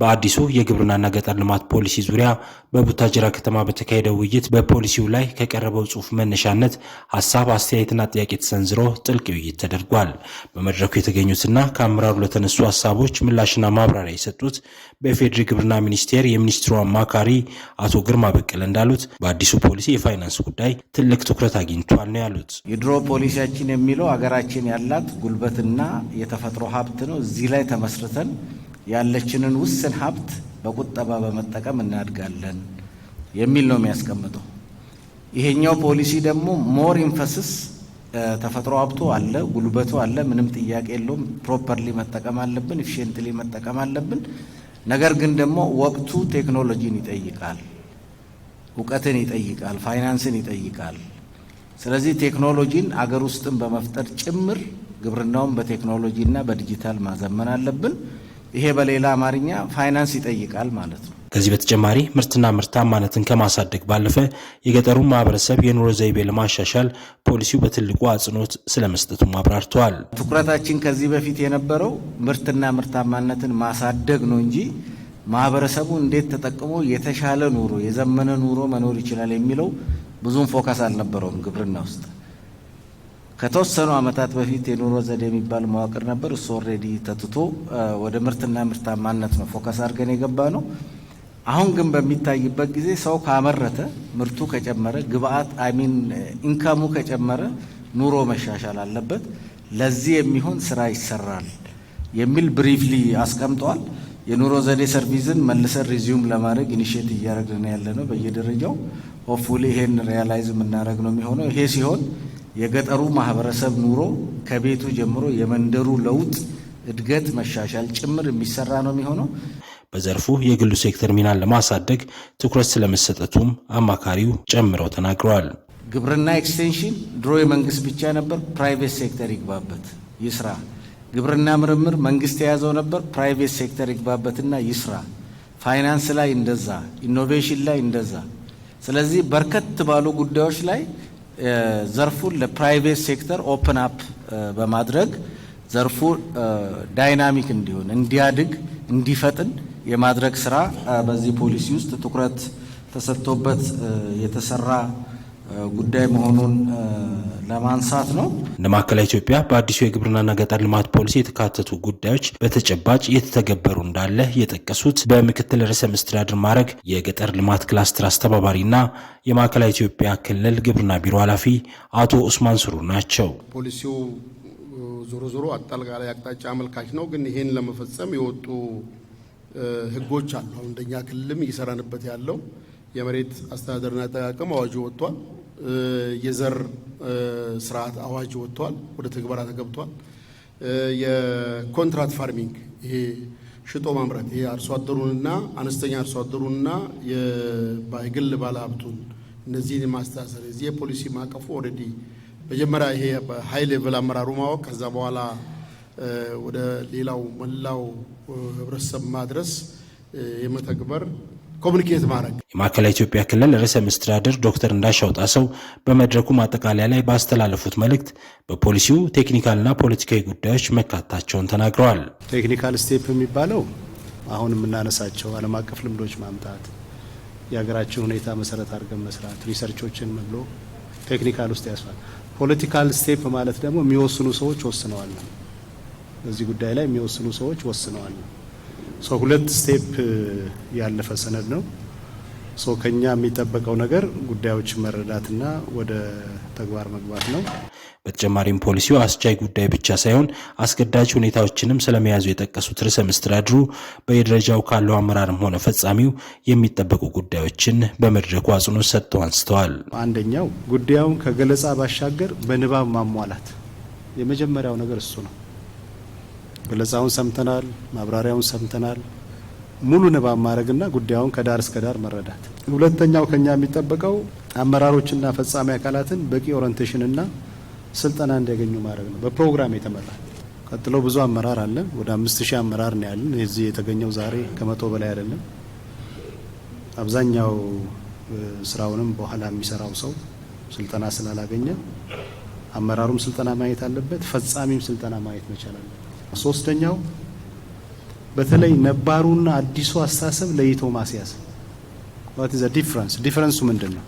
በአዲሱ የግብርናና ገጠር ልማት ፖሊሲ ዙሪያ በቡታጅራ ከተማ በተካሄደው ውይይት በፖሊሲው ላይ ከቀረበው ጽሑፍ መነሻነት ሀሳብ አስተያየትና ጥያቄ ተሰንዝሮ ጥልቅ ውይይት ተደርጓል። በመድረኩ የተገኙትና ከአመራሩ ለተነሱ ሀሳቦች ምላሽና ማብራሪያ የሰጡት በኢፌዴሪ ግብርና ሚኒስቴር የሚኒስትሩ አማካሪ አቶ ግርማ በቀለ እንዳሉት በአዲሱ ፖሊሲ የፋይናንስ ጉዳይ ትልቅ ትኩረት አግኝቷል ነው ያሉት። የድሮ ፖሊሲያችን የሚለው ሀገራችን ያላት ጉልበትና የተፈጥሮ ሀብት ነው። እዚህ ላይ ተመስርተን ያለችንን ውስን ሀብት በቁጠባ በመጠቀም እናድጋለን የሚል ነው የሚያስቀምጠው። ይሄኛው ፖሊሲ ደግሞ ሞር ኢንፈስስ ተፈጥሮ ሀብቱ አለ፣ ጉልበቱ አለ፣ ምንም ጥያቄ የለውም። ፕሮፐርሊ መጠቀም አለብን፣ ኢፊሽንትሊ መጠቀም አለብን። ነገር ግን ደግሞ ወቅቱ ቴክኖሎጂን ይጠይቃል፣ እውቀትን ይጠይቃል፣ ፋይናንስን ይጠይቃል። ስለዚህ ቴክኖሎጂን አገር ውስጥን በመፍጠር ጭምር ግብርናውን በቴክኖሎጂና በዲጂታል ማዘመን አለብን። ይሄ በሌላ አማርኛ ፋይናንስ ይጠይቃል ማለት ነው። ከዚህ በተጨማሪ ምርትና ምርታማነትን ከማሳደግ ባለፈ የገጠሩን ማህበረሰብ የኑሮ ዘይቤ ለማሻሻል ፖሊሲው በትልቁ አጽንኦት ስለመስጠቱም አብራርተዋል። ትኩረታችን ከዚህ በፊት የነበረው ምርትና ምርታማነትን ማሳደግ ነው እንጂ ማህበረሰቡ እንዴት ተጠቅሞ የተሻለ ኑሮ የዘመነ ኑሮ መኖር ይችላል የሚለው ብዙም ፎከስ አልነበረውም ግብርና ውስጥ ከተወሰኑ ዓመታት በፊት የኑሮ ዘዴ የሚባል መዋቅር ነበር። እሱ ኦልሬዲ ተትቶ ወደ ምርትና ምርታማነት ነው ፎከስ አድርገን የገባ ነው። አሁን ግን በሚታይበት ጊዜ ሰው ካመረተ፣ ምርቱ ከጨመረ፣ ግብአት አሚን ኢንካሙ ከጨመረ ኑሮ መሻሻል አለበት። ለዚህ የሚሆን ስራ ይሰራል የሚል ብሪፍሊ አስቀምጧል። የኑሮ ዘዴ ሰርቪስን መልሰን ሪዚዩም ለማድረግ ኢኒሽት እያደረግን ያለ ነው በየደረጃው ሆፕፉሊ ይሄን ሪያላይዝ የምናደረግ ነው የሚሆነው። ይሄ ሲሆን የገጠሩ ማህበረሰብ ኑሮ ከቤቱ ጀምሮ የመንደሩ ለውጥ እድገት መሻሻል ጭምር የሚሰራ ነው የሚሆነው። በዘርፉ የግሉ ሴክተር ሚናን ለማሳደግ ትኩረት ስለመሰጠቱም አማካሪው ጨምረው ተናግረዋል። ግብርና ኤክስቴንሽን ድሮ የመንግስት ብቻ ነበር፣ ፕራይቬት ሴክተር ይግባበት ይስራ። ግብርና ምርምር መንግስት የያዘው ነበር፣ ፕራይቬት ሴክተር ይግባበትና ይስራ። ፋይናንስ ላይ እንደዛ፣ ኢኖቬሽን ላይ እንደዛ። ስለዚህ በርከት ባሉ ጉዳዮች ላይ ዘርፉን ለፕራይቬት ሴክተር ኦፕን አፕ በማድረግ ዘርፉ ዳይናሚክ እንዲሆን እንዲያድግ እንዲፈጥን የማድረግ ስራ በዚህ ፖሊሲ ውስጥ ትኩረት ተሰጥቶበት የተሰራ ጉዳይ መሆኑን ለማንሳት ነው። እንደ ማዕከላዊ ኢትዮጵያ በአዲሱ የግብርናና ገጠር ልማት ፖሊሲ የተካተቱ ጉዳዮች በተጨባጭ እየተተገበሩ እንዳለ የጠቀሱት በምክትል ርዕሰ መስተዳድር ማዕረግ የገጠር ልማት ክላስተር አስተባባሪና የማዕከላዊ ኢትዮጵያ ክልል ግብርና ቢሮ ኃላፊ አቶ ኡስማን ስሩ ናቸው። ፖሊሲው ዞሮ ዞሮ አጠቃላይ አቅጣጫ አመልካች ነው፣ ግን ይህን ለመፈጸም የወጡ ህጎች አሉ። አሁን እንደኛ ክልልም እየሰራንበት ያለው የመሬት አስተዳደርና አጠቃቀም አዋጁ ወጥቷል። የዘር ስርዓት አዋጅ ወጥቷል፣ ወደ ተግባራ ተገብቷል። የኮንትራት ፋርሚንግ ይሄ ሽጦ ማምረት ይሄ አርሶ አደሩንና አነስተኛ አርሶ አደሩንና የግል ባለሀብቱን እነዚህን የማስተሳሰር የዚህ የፖሊሲ ማዕቀፉ ኦልሬዲ መጀመሪያ ይሄ በሀይ ሌቭል አመራሩ ማወቅ ከዛ በኋላ ወደ ሌላው መላው ህብረተሰብ ማድረስ የመተግበር ኮሚኒኬት ማድረግ የማዕከላዊ ኢትዮጵያ ክልል ርዕሰ መስተዳድር ዶክተር እንዳሻው ጣሰው በመድረኩ ማጠቃለያ ላይ ባስተላለፉት መልእክት በፖሊሲው ቴክኒካልና ፖለቲካዊ ጉዳዮች መካታቸውን ተናግረዋል። ቴክኒካል ስቴፕ የሚባለው አሁን የምናነሳቸው ዓለም አቀፍ ልምዶች ማምጣት፣ የሀገራችን ሁኔታ መሰረት አድርገን መስራት፣ ሪሰርቾችን መብሎ ቴክኒካል ውስጥ ያስፋል። ፖለቲካል ስቴፕ ማለት ደግሞ የሚወስኑ ሰዎች ወስነዋል። በዚህ ጉዳይ ላይ የሚወስኑ ሰዎች ወስነዋል። ሁለት ስቴፕ uh, ያለፈ ሰነድ ነው። ከኛ የሚጠበቀው ነገር ጉዳዮችን መረዳትና ወደ ተግባር መግባት ነው። በተጨማሪም ፖሊሲው አስቻይ ጉዳይ ብቻ ሳይሆን አስገዳጅ ሁኔታዎችንም ስለመያዙ የጠቀሱት ርዕሰ መስተዳድሩ በየደረጃው ካለው አመራርም ሆነ ፈጻሚው የሚጠበቁ ጉዳዮችን በመድረኩ አጽንኦት ሰጥተው አንስተዋል። አንደኛው ጉዳዩን ከገለጻ ባሻገር በንባብ ማሟላት የመጀመሪያው ነገር እሱ ነው። ገለጻውን ሰምተናል፣ ማብራሪያውን ሰምተናል። ሙሉ ንባብ ማድረግና ጉዳዩን ከዳር እስከ ዳር መረዳት። ሁለተኛው ከኛ የሚጠበቀው አመራሮችና ፈጻሚ አካላትን በቂ ኦሪንቴሽንና ስልጠና እንዲያገኙ ማድረግ ነው። በፕሮግራም የተመራ ቀጥሎ ብዙ አመራር አለ። ወደ አምስት ሺህ አመራር ነው ያለን። እዚህ የተገኘው ዛሬ ከመቶ በላይ አይደለም። አብዛኛው ስራውንም በኋላ የሚሰራው ሰው ስልጠና ስላላገኘ አመራሩም ስልጠና ማየት አለበት፣ ፈጻሚም ስልጠና ማየት መቻል አለበት። ሶስተኛው በተለይ ነባሩና አዲሱ አስተሳሰብ ለይቶ ማስያዝ ዋት ኢዝ ዘ ዲፍረንስ ዲፍረንሱ ምንድን ነው?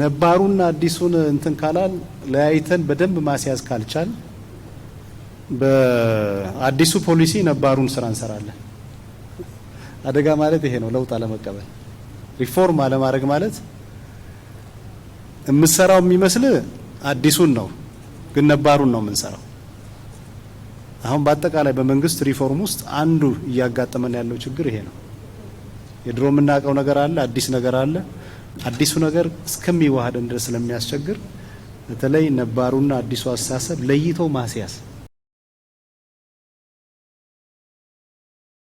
ነባሩና አዲሱን እንትን ካላል ለያይተን በደንብ ማስያዝ ካልቻል በአዲሱ ፖሊሲ ነባሩን ስራ እንሰራለን። አደጋ ማለት ይሄ ነው። ለውጥ አለመቀበል፣ ሪፎርም አለማድረግ ማለት የምሰራው የሚመስል አዲሱን ነው፣ ግን ነባሩን ነው የምንሰራው። አሁን በአጠቃላይ በመንግስት ሪፎርም ውስጥ አንዱ እያጋጠመን ያለው ችግር ይሄ ነው። የድሮ የምናውቀው ነገር አለ፣ አዲስ ነገር አለ። አዲሱ ነገር እስከሚዋሃደን ድረስ ስለሚያስቸግር በተለይ ነባሩና አዲሱ አስተሳሰብ ለይቶ ማስያዝ